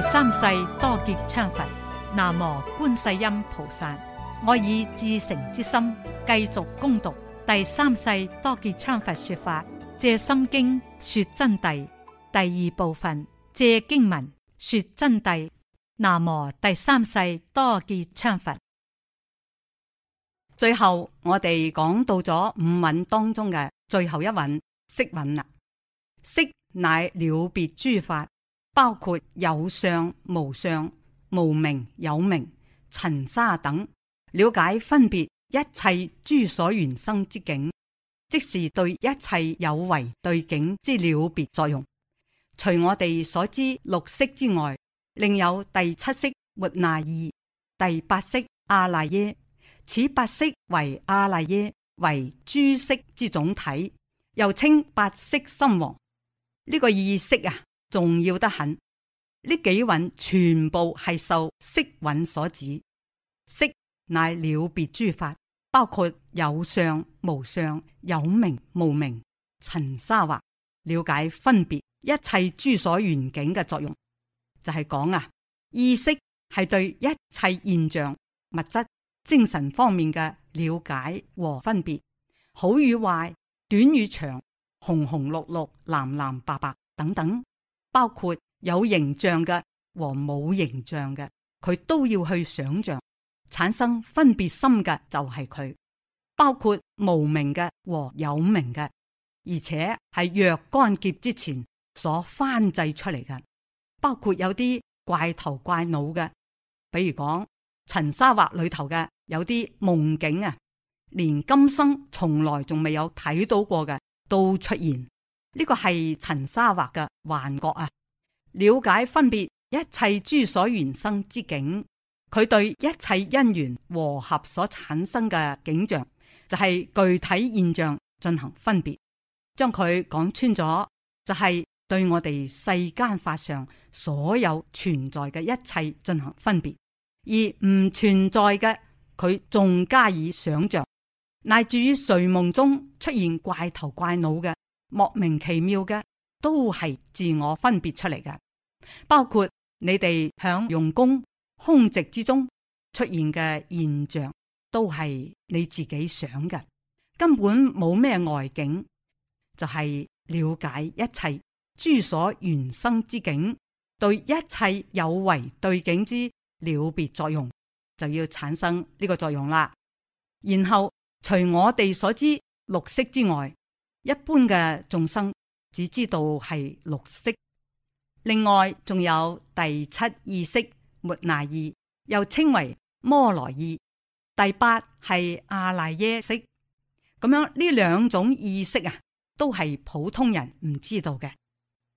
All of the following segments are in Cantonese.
第三世多杰羌佛，南無觀世音菩薩。我以至誠之心繼續恭讀第三世多杰羌佛說法，藉心經說真諦第二部分，藉經文說真諦。南無第三世多杰羌佛。最後我哋講到咗五蘊當中嘅最後一蘊，識蘊啦。識乃了別諸法。包括有相、無相、無名、有名、塵沙等，了解分別一切諸所緣生之境，即是對一切有為對境之了別作用。除我哋所知六色之外，另有第七色末那二、第八色阿賴耶。此八色為阿賴耶為諸色之總體，又稱八色心王。呢、這個意識啊！重要得很，呢幾運全部係受色運所指。色乃了別諸法，包括有相、無相、有名、無名、塵沙惑，了解分別一切諸所緣境嘅作用，就係講啊，意識係對一切現象、物質、精神方面嘅了解和分別，好與壞、短與長、紅紅綠綠、藍藍白白等等。包括有形象嘅和冇形象嘅，佢都要去想象，產生分別心嘅就係佢。包括無名嘅和有名嘅，而且係若干劫之前所翻製出嚟嘅，包括有啲怪頭怪腦嘅，比如講陳沙畫裏頭嘅，有啲夢境啊，連今生從來仲未有睇到過嘅，都出現。呢個係陳沙畫嘅幻覺啊！了解分別一切諸所原生之境，佢對一切因緣和合所產生嘅景象，就係具體現象進行分別，將佢講穿咗，就係對我哋世間法上所有存在嘅一切進行分別，而唔存在嘅，佢仲加以想象，乃至於睡夢中出現怪頭怪腦嘅。莫名其妙嘅都係自我分別出嚟嘅，包括你哋響用功空寂之中出現嘅現象，都係你自己想嘅，根本冇咩外境，就係、是、了解一切諸所原生之境，對一切有為對境之了別作用，就要產生呢個作用啦。然後除我哋所知綠色之外。一般嘅眾生只知道係六識，另外仲有第七意識末那識，又稱為摩羅識；第八係阿賴耶識，咁樣呢兩種意識啊，都係普通人唔知道嘅。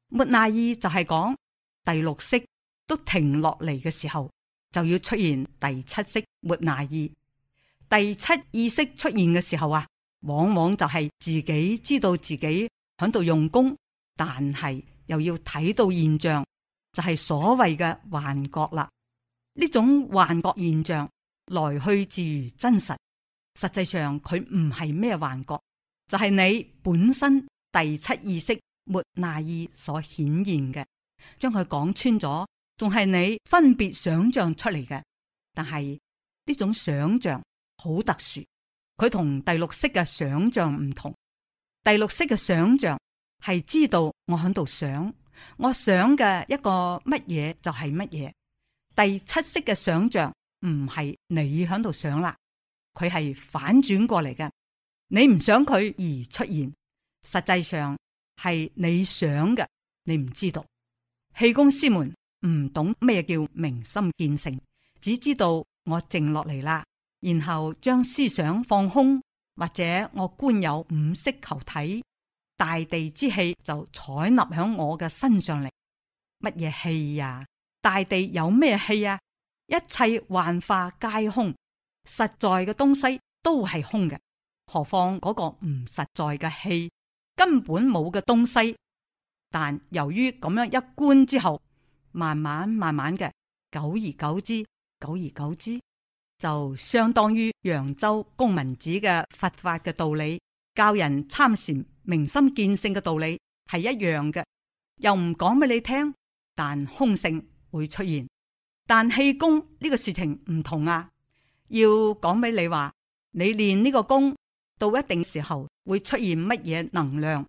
末那識就係講第六識都停落嚟嘅時候，就要出現第七識末那識；第七意識出現嘅時候啊。往往就係自己知道自己喺度用功，但係又要睇到現象，就係所謂嘅幻覺啦。呢種幻覺現象來去自如，真實實際上佢唔係咩幻覺，就係你本身第七意識末那意所顯現嘅，將佢講穿咗，仲係你分別想象出嚟嘅，但係呢種想象好特殊。佢同第六識嘅想象唔同，第六識嘅想象係知道我喺度想，我想嘅一個乜嘢就係乜嘢。第七識嘅想象唔係你喺度想啦，佢係反轉過嚟嘅。你唔想佢而出現，實際上係你想嘅，你唔知道。氣功師們唔懂咩叫明心見性，只知道我靜落嚟啦。然後將思想放空，或者我觀有五色球體，大地之氣就採納響我嘅身上嚟。乜嘢氣呀？大地有咩氣呀？一切幻化皆空，實在嘅東西都係空嘅，何況嗰個唔實在嘅氣，根本冇嘅東西。但由於咁樣一觀之後，慢慢慢慢嘅，久而久之，久而久之。就相當於揚州公民子嘅佛法嘅道理，教人參禪明心見性嘅道理係一樣嘅，又唔講俾你聽。但空性會出現，但氣功呢個事情唔同啊，要講俾你話，你練呢個功到一定時候會出現乜嘢能量，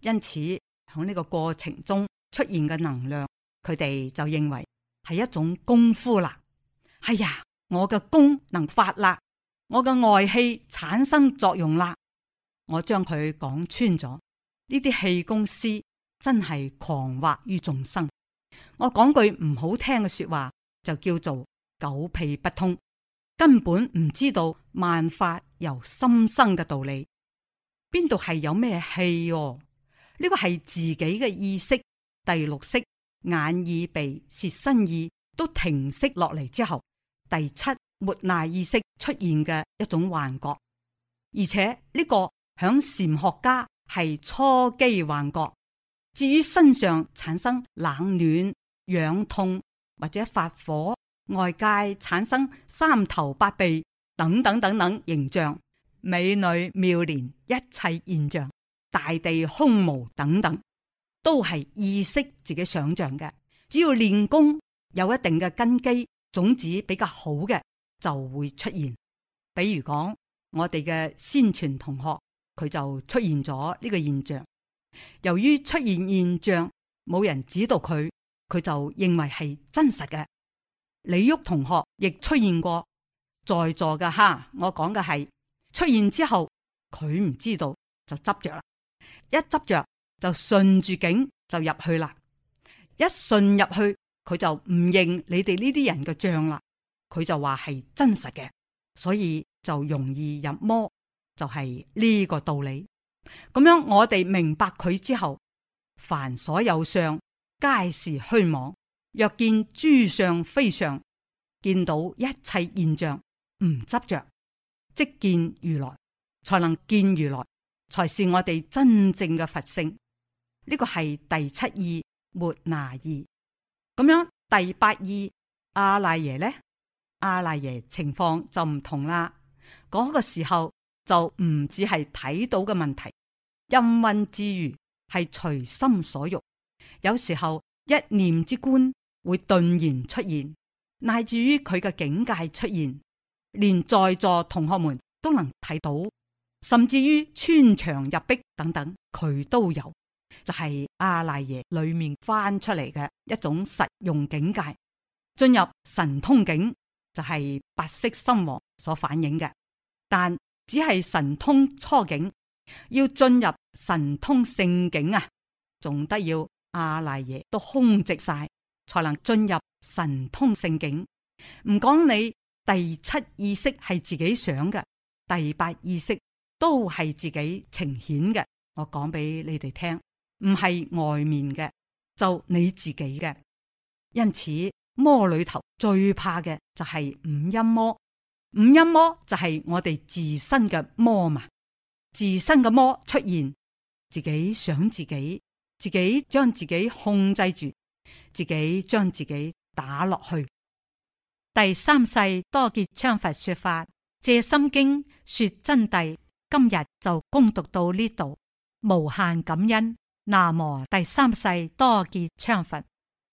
因此喺呢個過程中出現嘅能量，佢哋就認為係一種功夫啦。係、哎、呀。我嘅功能發啦，我嘅外氣產生作用啦，我將佢講穿咗。呢啲氣功師真係狂惑於眾生。我講句唔好聽嘅說話，就叫做狗屁不通，根本唔知道萬法由心生嘅道理。邊度係有咩氣哦、啊？呢、這個係自己嘅意識、第六識、眼耳鼻舌身意都停息落嚟之後。第七末那意識出現嘅一種幻覺，而且呢、這個響禪學家係初期幻覺。至於身上產生冷暖、癢痛或者發火，外界產生三頭八臂等等等等形象，美女妙蓮一切現象，大地空無等等，都係意識自己想象嘅。只要練功有一定嘅根基。種子比較好嘅就會出現，比如講我哋嘅先傳同學，佢就出現咗呢個現象。由於出現現象，冇人指導佢，佢就認為係真實嘅。李旭同學亦出現過，在座嘅哈，我講嘅係出現之後，佢唔知道就執着啦，一執着就順住境就入去啦，一順入去。佢就唔認你哋呢啲人嘅賬啦，佢就話係真實嘅，所以就容易入魔，就係、是、呢個道理。咁樣我哋明白佢之後，凡所有相皆是虛妄，若見諸相非相，見到一切現象唔執着，即見如來，才能見如來，才是我哋真正嘅佛性。呢、這個係第七二，末那義。咁樣第八二阿賴耶呢？阿賴耶情況就唔同啦。嗰、那個時候就唔止係睇到嘅問題，陰運之餘係隨心所欲。有時候一念之觀會頓然出現，乃至於佢嘅境界出現，連在座同學們都能睇到，甚至於穿牆入壁等等，佢都有。就係阿賴耶裏面翻出嚟嘅一種實用境界，進入神通境就係、是、白色心王所反映嘅，但只係神通初境，要進入神通聖境啊，仲得要阿賴耶都空寂晒，才能進入神通聖境。唔講你第七意識係自己想嘅，第八意識都係自己呈現嘅，我講俾你哋聽。唔係外面嘅，就你自己嘅。因此，魔裏頭最怕嘅就係五陰魔。五陰魔就係我哋自身嘅魔嘛。自身嘅魔出現，自己想自己，自己將自己控制住，自己將自己打落去。第三世多杰羌佛說法借心經說真諦，今日就恭讀到呢度，無限感恩。南無第三世多杰羌佛。